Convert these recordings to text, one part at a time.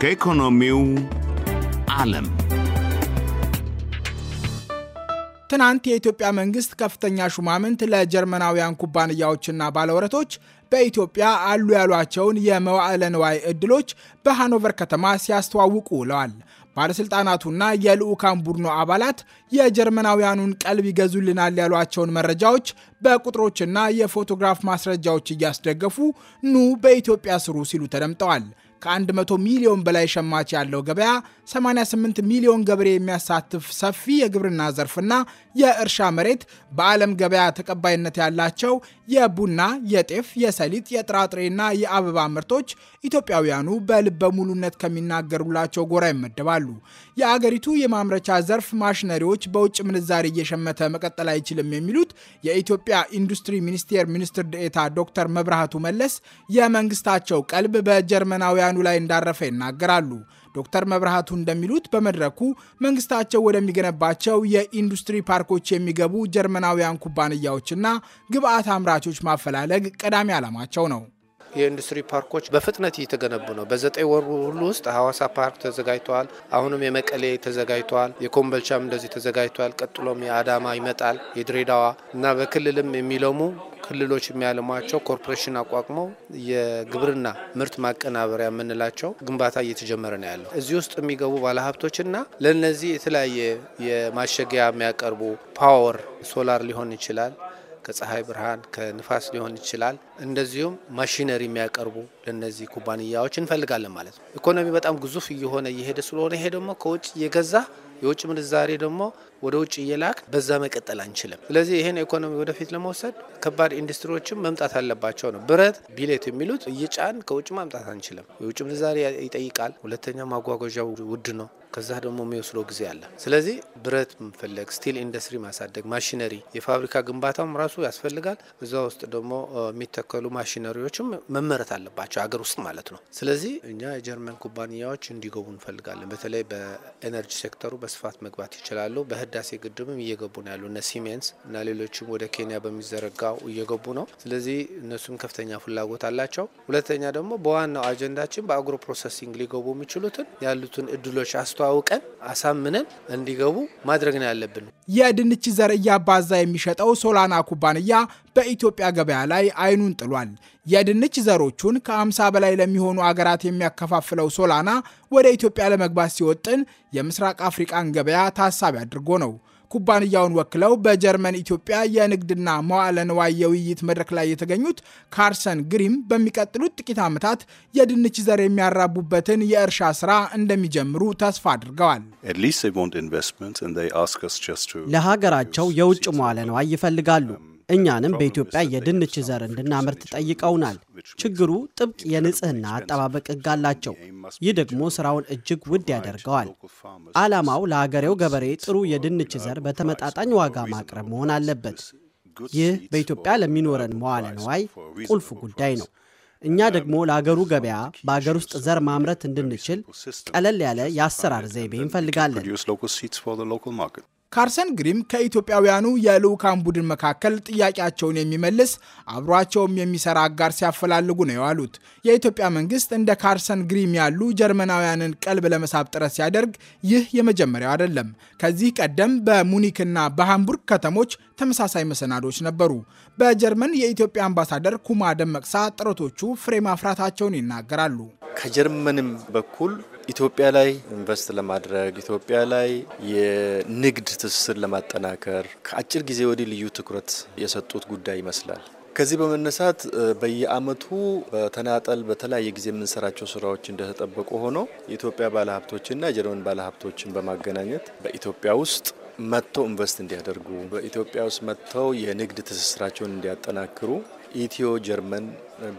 ከኢኮኖሚው ዓለም ትናንት የኢትዮጵያ መንግስት ከፍተኛ ሹማምንት ለጀርመናውያን ኩባንያዎችና ባለውረቶች በኢትዮጵያ አሉ ያሏቸውን የመዋዕለ ንዋይ ዕድሎች በሃኖቨር ከተማ ሲያስተዋውቁ ውለዋል። ባለሥልጣናቱና የልዑካን ቡድኑ አባላት የጀርመናውያኑን ቀልብ ይገዙልናል ያሏቸውን መረጃዎች በቁጥሮችና የፎቶግራፍ ማስረጃዎች እያስደገፉ ኑ በኢትዮጵያ ስሩ ሲሉ ተደምጠዋል። ከ100 ሚሊዮን በላይ ሸማች ያለው ገበያ 88 ሚሊዮን ገበሬ የሚያሳትፍ ሰፊ የግብርና ዘርፍና የእርሻ መሬት በዓለም ገበያ ተቀባይነት ያላቸው የቡና፣ የጤፍ፣ የሰሊጥ፣ የጥራጥሬና የአበባ ምርቶች ኢትዮጵያውያኑ በልበ ሙሉነት ከሚናገሩላቸው ጎራ ይመደባሉ። የአገሪቱ የማምረቻ ዘርፍ ማሽነሪዎች በውጭ ምንዛሬ እየሸመተ መቀጠል አይችልም የሚሉት የኢትዮጵያ ኢንዱስትሪ ሚኒስቴር ሚኒስትር ዴኤታ ዶክተር መብርሃቱ መለስ የመንግስታቸው ቀልብ በጀርመናዊ ኢትዮጵያውያኑ ላይ እንዳረፈ ይናገራሉ። ዶክተር መብርሃቱ እንደሚሉት በመድረኩ መንግስታቸው ወደሚገነባቸው የኢንዱስትሪ ፓርኮች የሚገቡ ጀርመናውያን ኩባንያዎችና ግብአት አምራቾች ማፈላለግ ቀዳሚ ዓላማቸው ነው። የኢንዱስትሪ ፓርኮች በፍጥነት እየተገነቡ ነው። በዘጠኝ ወሩ ሁሉ ውስጥ ሀዋሳ ፓርክ ተዘጋጅተዋል። አሁንም የመቀሌ ተዘጋጅተዋል። የኮምበልቻም እንደዚህ ተዘጋጅተዋል። ቀጥሎም የአዳማ ይመጣል፣ የድሬዳዋ እና በክልልም የሚለሙ ክልሎች የሚያለሟቸው ኮርፖሬሽን አቋቁመው የግብርና ምርት ማቀናበሪያ የምንላቸው ግንባታ እየተጀመረ ነው ያለው። እዚህ ውስጥ የሚገቡ ባለሀብቶችና ለነዚህ የተለያየ የማሸጊያ የሚያቀርቡ ፓወር ሶላር ሊሆን ይችላል ከፀሐይ ብርሃን ከንፋስ ሊሆን ይችላል። እንደዚሁም ማሽነሪ የሚያቀርቡ ለነዚህ ኩባንያዎች እንፈልጋለን ማለት ነው። ኢኮኖሚ በጣም ግዙፍ እየሆነ እየሄደ ስለሆነ ይሄ ደግሞ ከውጭ እየገዛ የውጭ ምንዛሬ ደግሞ ወደ ውጭ እየላክ በዛ መቀጠል አንችልም። ስለዚህ ይህን ኢኮኖሚ ወደፊት ለመውሰድ ከባድ ኢንዱስትሪዎችም መምጣት አለባቸው ነው። ብረት፣ ቢሌት የሚሉት እየጫን ከውጭ ማምጣት አንችልም። የውጭ ምንዛሪ ይጠይቃል። ሁለተኛ ማጓጓዣ ውድ ነው። ከዛ ደግሞ የሚወስደው ጊዜ አለ። ስለዚህ ብረት መፈለግ፣ ስቲል ኢንዱስትሪ ማሳደግ፣ ማሽነሪ የፋብሪካ ግንባታም ራሱ ያስፈልጋል። እዛ ውስጥ ደግሞ የሚተከሉ ማሽነሪዎችም መመረት አለባቸው ሀገር ውስጥ ማለት ነው። ስለዚህ እኛ የጀርመን ኩባንያዎች እንዲገቡ እንፈልጋለን። በተለይ በኤነርጂ ሴክተሩ በስፋት መግባት ይችላሉ። በህዳሴ ህዳሴ ግድብም እየገቡ ነው ያሉ እነ ሲሜንስ እና ሌሎችም ወደ ኬንያ በሚዘረጋው እየገቡ ነው። ስለዚህ እነሱም ከፍተኛ ፍላጎት አላቸው። ሁለተኛ ደግሞ በዋናው አጀንዳችን በአግሮ ፕሮሰሲንግ ሊገቡ የሚችሉትን ያሉትን እድሎች አስተዋውቀን አሳምነን እንዲገቡ ማድረግ ነው ያለብን። የድንች ዘር እያባዛ የሚሸጠው ሶላና ኩባንያ በኢትዮጵያ ገበያ ላይ አይኑን ጥሏል። የድንች ዘሮቹን ከ50 በላይ ለሚሆኑ አገራት የሚያከፋፍለው ሶላና ወደ ኢትዮጵያ ለመግባት ሲወጥን የምስራቅ አፍሪቃን ገበያ ታሳቢ አድርጎ ነው። ኩባንያውን ወክለው በጀርመን ኢትዮጵያ የንግድና መዋዕለ ንዋይ የውይይት መድረክ ላይ የተገኙት ካርሰን ግሪም በሚቀጥሉት ጥቂት ዓመታት የድንች ዘር የሚያራቡበትን የእርሻ ስራ እንደሚጀምሩ ተስፋ አድርገዋል። ለሀገራቸው የውጭ መዋዕለ ንዋይ ይፈልጋሉ። እኛንም በኢትዮጵያ የድንች ዘር እንድናመርት ጠይቀውናል። ችግሩ ጥብቅ የንጽህና አጠባበቅ ሕግ አላቸው። ይህ ደግሞ ስራውን እጅግ ውድ ያደርገዋል። ዓላማው ለሀገሬው ገበሬ ጥሩ የድንች ዘር በተመጣጣኝ ዋጋ ማቅረብ መሆን አለበት። ይህ በኢትዮጵያ ለሚኖረን መዋለ ነዋይ ቁልፍ ጉዳይ ነው። እኛ ደግሞ ለአገሩ ገበያ በአገር ውስጥ ዘር ማምረት እንድንችል ቀለል ያለ የአሰራር ዘይቤ እንፈልጋለን። ካርሰን ግሪም ከኢትዮጵያውያኑ የልዑካን ቡድን መካከል ጥያቄያቸውን የሚመልስ አብሯቸውም የሚሰራ አጋር ሲያፈላልጉ ነው የዋሉት። የኢትዮጵያ መንግስት እንደ ካርሰን ግሪም ያሉ ጀርመናውያንን ቀልብ ለመሳብ ጥረት ሲያደርግ ይህ የመጀመሪያው አይደለም። ከዚህ ቀደም በሙኒክና በሃምቡርግ ከተሞች ተመሳሳይ መሰናዶች ነበሩ። በጀርመን የኢትዮጵያ አምባሳደር ኩማ ደመቅሳ ጥረቶቹ ፍሬ ማፍራታቸውን ይናገራሉ። ከጀርመንም በኩል ኢትዮጵያ ላይ ኢንቨስት ለማድረግ ኢትዮጵያ ላይ የንግድ ትስስር ለማጠናከር ከአጭር ጊዜ ወዲህ ልዩ ትኩረት የሰጡት ጉዳይ ይመስላል። ከዚህ በመነሳት በየአመቱ በተናጠል በተለያየ ጊዜ የምንሰራቸው ስራዎች እንደተጠበቁ ሆኖ የኢትዮጵያ ባለሀብቶችና የጀርመን ባለሀብቶችን በማገናኘት በኢትዮጵያ ውስጥ መጥተው ኢንቨስት እንዲያደርጉ በኢትዮጵያ ውስጥ መጥተው የንግድ ትስስራቸውን እንዲያጠናክሩ ኢትዮ ጀርመን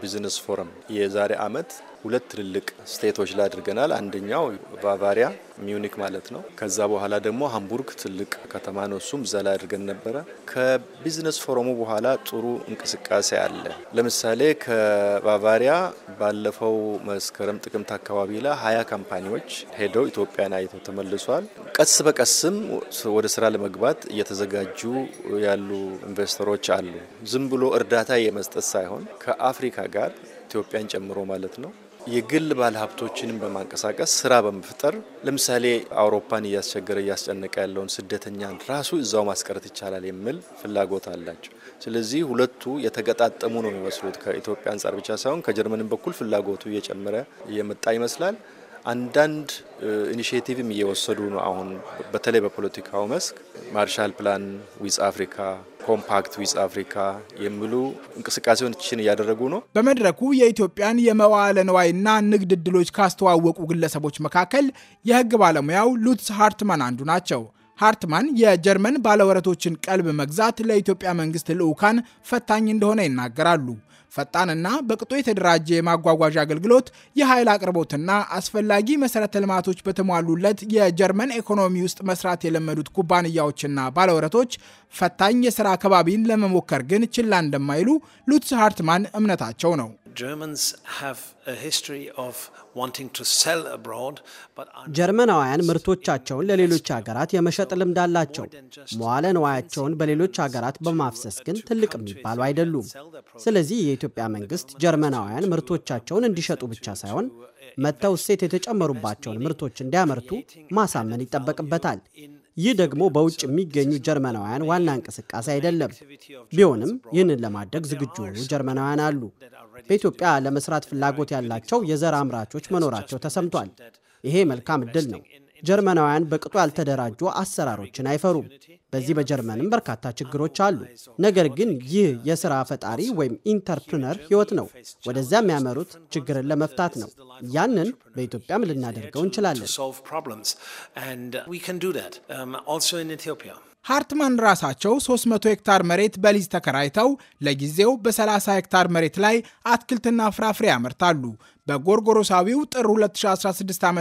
ቢዝነስ ፎረም የዛሬ አመት ሁለት ትልልቅ ስቴቶች ላይ አድርገናል። አንደኛው ባቫሪያ ሚዩኒክ ማለት ነው። ከዛ በኋላ ደግሞ ሃምቡርግ ትልቅ ከተማ ነው። እሱም እዛ ላይ አድርገን ነበረ። ከቢዝነስ ፎረሙ በኋላ ጥሩ እንቅስቃሴ አለ። ለምሳሌ ከባቫሪያ ባለፈው መስከረም ጥቅምት አካባቢ ላይ ሀያ ካምፓኒዎች ሄደው ኢትዮጵያን አይተው ተመልሷል። ቀስ በቀስም ወደ ስራ ለመግባት እየተዘጋጁ ያሉ ኢንቨስተሮች አሉ። ዝም ብሎ እርዳታ የመስጠት ሳይሆን ከአፍሪካ ጋር ኢትዮጵያን ጨምሮ ማለት ነው የግል ባለሀብቶችንም በማንቀሳቀስ ስራ በመፍጠር ለምሳሌ አውሮፓን እያስቸገረ እያስጨነቀ ያለውን ስደተኛን ራሱ እዛው ማስቀረት ይቻላል የሚል ፍላጎት አላቸው። ስለዚህ ሁለቱ የተገጣጠሙ ነው የሚመስሉት። ከኢትዮጵያ አንጻር ብቻ ሳይሆን ከጀርመንም በኩል ፍላጎቱ እየጨመረ እየመጣ ይመስላል። አንዳንድ ኢኒሽቲቭም እየወሰዱ ነው። አሁን በተለይ በፖለቲካው መስክ ማርሻል ፕላን ዊዝ አፍሪካ ኮምፓክት ዊዝ አፍሪካ የሚሉ እንቅስቃሴዎችን እያደረጉ ነው። በመድረኩ የኢትዮጵያን የመዋዕለ ንዋይና ንግድ እድሎች ካስተዋወቁ ግለሰቦች መካከል የህግ ባለሙያው ሉትስ ሃርትማን አንዱ ናቸው። ሃርትማን የጀርመን ባለወረቶችን ቀልብ መግዛት ለኢትዮጵያ መንግስት ልዑካን ፈታኝ እንደሆነ ይናገራሉ። ፈጣንና በቅጡ የተደራጀ የማጓጓዣ አገልግሎት፣ የኃይል አቅርቦትና አስፈላጊ መሰረተ ልማቶች በተሟሉለት የጀርመን ኢኮኖሚ ውስጥ መስራት የለመዱት ኩባንያዎችና ባለውረቶች ፈታኝ የሥራ አካባቢን ለመሞከር ግን ችላ እንደማይሉ ሉትስ ሃርትማን እምነታቸው ነው። ጀርመናውያን ምርቶቻቸውን ለሌሎች ሀገራት የመሸጥ ልምድ አላቸው። መዋለ ንዋያቸውን በሌሎች ሀገራት በማፍሰስ ግን ትልቅ የሚባሉ አይደሉም። ስለዚህ የኢትዮጵያ መንግስት ጀርመናውያን ምርቶቻቸውን እንዲሸጡ ብቻ ሳይሆን መጥተው እሴት የተጨመሩባቸውን ምርቶች እንዲያመርቱ ማሳመን ይጠበቅበታል። ይህ ደግሞ በውጭ የሚገኙ ጀርመናውያን ዋና እንቅስቃሴ አይደለም። ቢሆንም ይህንን ለማድረግ ዝግጁ የሆኑ ጀርመናውያን አሉ። በኢትዮጵያ ለመስራት ፍላጎት ያላቸው የዘር አምራቾች መኖራቸው ተሰምቷል። ይሄ መልካም እድል ነው። ጀርመናውያን በቅጡ ያልተደራጁ አሰራሮችን አይፈሩም። በዚህ በጀርመንም በርካታ ችግሮች አሉ። ነገር ግን ይህ የሥራ ፈጣሪ ወይም ኢንተርፕርነር ሕይወት ነው። ወደዚያ የሚያመሩት ችግርን ለመፍታት ነው። ያንን በኢትዮጵያም ልናደርገው እንችላለን። ሃርትማን ራሳቸው 300 ሄክታር መሬት በሊዝ ተከራይተው ለጊዜው በ30 ሄክታር መሬት ላይ አትክልትና ፍራፍሬ ያመርታሉ። በጎርጎሮሳዊው ጥር 2016 ዓ ም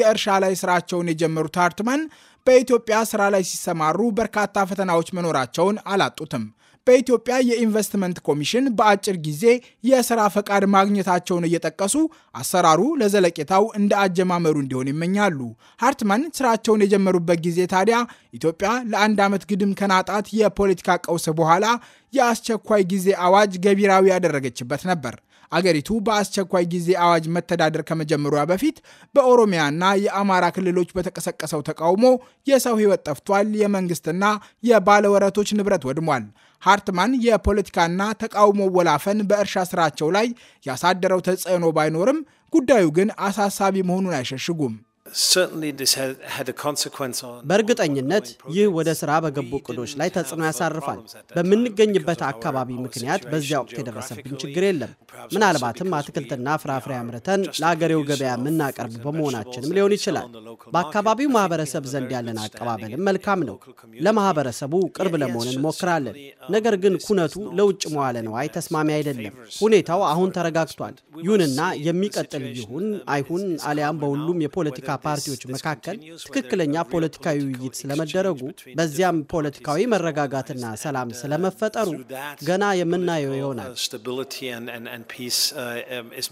የእርሻ ላይ ስራቸውን የጀመሩት ሃርትማን በኢትዮጵያ ስራ ላይ ሲሰማሩ በርካታ ፈተናዎች መኖራቸውን አላጡትም። በኢትዮጵያ የኢንቨስትመንት ኮሚሽን በአጭር ጊዜ የስራ ፈቃድ ማግኘታቸውን እየጠቀሱ አሰራሩ ለዘለቄታው እንደ አጀማመሩ እንዲሆን ይመኛሉ። ሃርትማን ስራቸውን የጀመሩበት ጊዜ ታዲያ ኢትዮጵያ ለአንድ ዓመት ግድም ከናጣት የፖለቲካ ቀውስ በኋላ የአስቸኳይ ጊዜ አዋጅ ገቢራዊ ያደረገችበት ነበር። አገሪቱ በአስቸኳይ ጊዜ አዋጅ መተዳደር ከመጀመሯ በፊት በኦሮሚያና የአማራ ክልሎች በተቀሰቀሰው ተቃውሞ የሰው ሕይወት ጠፍቷል፣ የመንግስትና የባለወረቶች ንብረት ወድሟል። ሃርትማን የፖለቲካና ተቃውሞ ወላፈን በእርሻ ስራቸው ላይ ያሳደረው ተጽዕኖ ባይኖርም ጉዳዩ ግን አሳሳቢ መሆኑን አይሸሽጉም። በእርግጠኝነት ይህ ወደ ሥራ በገቡ እቅዶች ላይ ተጽዕኖ ያሳርፋል። በምንገኝበት አካባቢ ምክንያት በዚያ ወቅት የደረሰብን ችግር የለም። ምናልባትም አትክልትና ፍራፍሬ አምርተን ለአገሬው ገበያ የምናቀርብ በመሆናችንም ሊሆን ይችላል። በአካባቢው ማህበረሰብ ዘንድ ያለን አቀባበልም መልካም ነው። ለማህበረሰቡ ቅርብ ለመሆን እንሞክራለን። um, ነገር ግን ኩነቱ ለውጭ መዋለ ንዋይ ተስማሚ አይደለም። ሁኔታው አሁን ተረጋግቷል። ይሁንና የሚቀጥል ይሁን um, አይሁን አሊያም በሁሉም የፖለቲካ ፓርቲዎች መካከል ትክክለኛ ፖለቲካዊ ውይይት ስለመደረጉ በዚያም ፖለቲካዊ መረጋጋትና ሰላም ስለመፈጠሩ ገና የምናየው uh, ይሆናል። uh,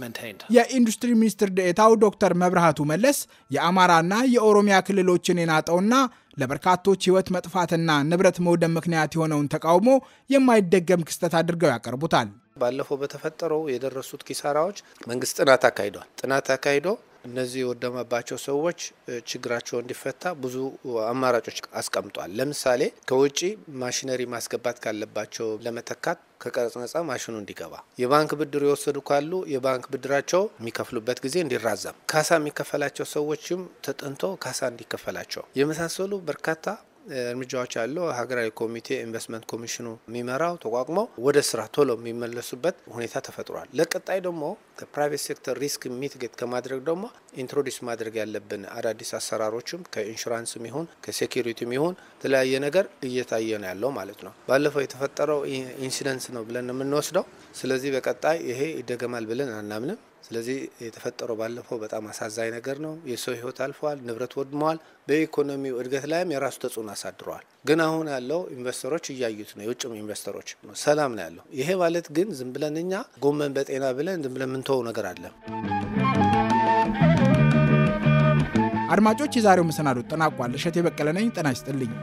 um, የኢንዱስትሪ ሚኒስትር ደኤታው ዶክተር መብርሃቱ መለስ የአማራና የኦሮሚያ ክልሎችን የናጠውና ለበርካቶች ሕይወት መጥፋትና ንብረት መውደም ምክንያት የሆነውን ተቃውሞ የማይደገም ክስተት አድርገው ያቀርቡታል። ባለፈው በተፈጠረው የደረሱት ኪሳራዎች መንግስት ጥናት አካሂዷል። ጥናት አካሂዶ እነዚህ የወደመባቸው ሰዎች ችግራቸው እንዲፈታ ብዙ አማራጮች አስቀምጧል። ለምሳሌ ከውጭ ማሽነሪ ማስገባት ካለባቸው ለመተካት ከቀረጽ ነጻ ማሽኑ እንዲገባ፣ የባንክ ብድር የወሰዱ ካሉ የባንክ ብድራቸው የሚከፍሉበት ጊዜ እንዲራዘም፣ ካሳ የሚከፈላቸው ሰዎችም ተጠንቶ ካሳ እንዲከፈላቸው የመሳሰሉ በርካታ እርምጃዎች ያለው ሀገራዊ ኮሚቴ ኢንቨስትመንት ኮሚሽኑ የሚመራው ተቋቁመው ወደ ስራ ቶሎ የሚመለሱበት ሁኔታ ተፈጥሯል። ለቀጣይ ደግሞ ከፕራይቬት ሴክተር ሪስክ ሚትጌት ከማድረግ ደግሞ ኢንትሮዲስ ማድረግ ያለብን አዳዲስ አሰራሮችም ከኢንሹራንስም ይሁን ከሴኪሪቲም ይሁን የተለያየ ነገር እየታየ ነው ያለው ማለት ነው። ባለፈው የተፈጠረው ኢንሲደንስ ነው ብለን የምንወስደው። ስለዚህ በቀጣይ ይሄ ይደገማል ብለን አናምንም። ስለዚህ የተፈጠረው ባለፈው በጣም አሳዛኝ ነገር ነው። የሰው ህይወት አልፈዋል፣ ንብረት ወድመዋል። በኢኮኖሚው እድገት ላይም የራሱ ተጽዕኖ አሳድረዋል። ግን አሁን ያለው ኢንቨስተሮች እያዩት ነው፣ የውጭም ኢንቨስተሮች ሰላም ነው ያለው። ይሄ ማለት ግን ዝም ብለን እኛ ጎመን በጤና ብለን ዝም ብለን ምንተወው ነገር አለም። አድማጮች፣ የዛሬው መሰናዶ ጠናቋል። እሸቴ በቀለ ነኝ። ጤና ይስጥልኝ።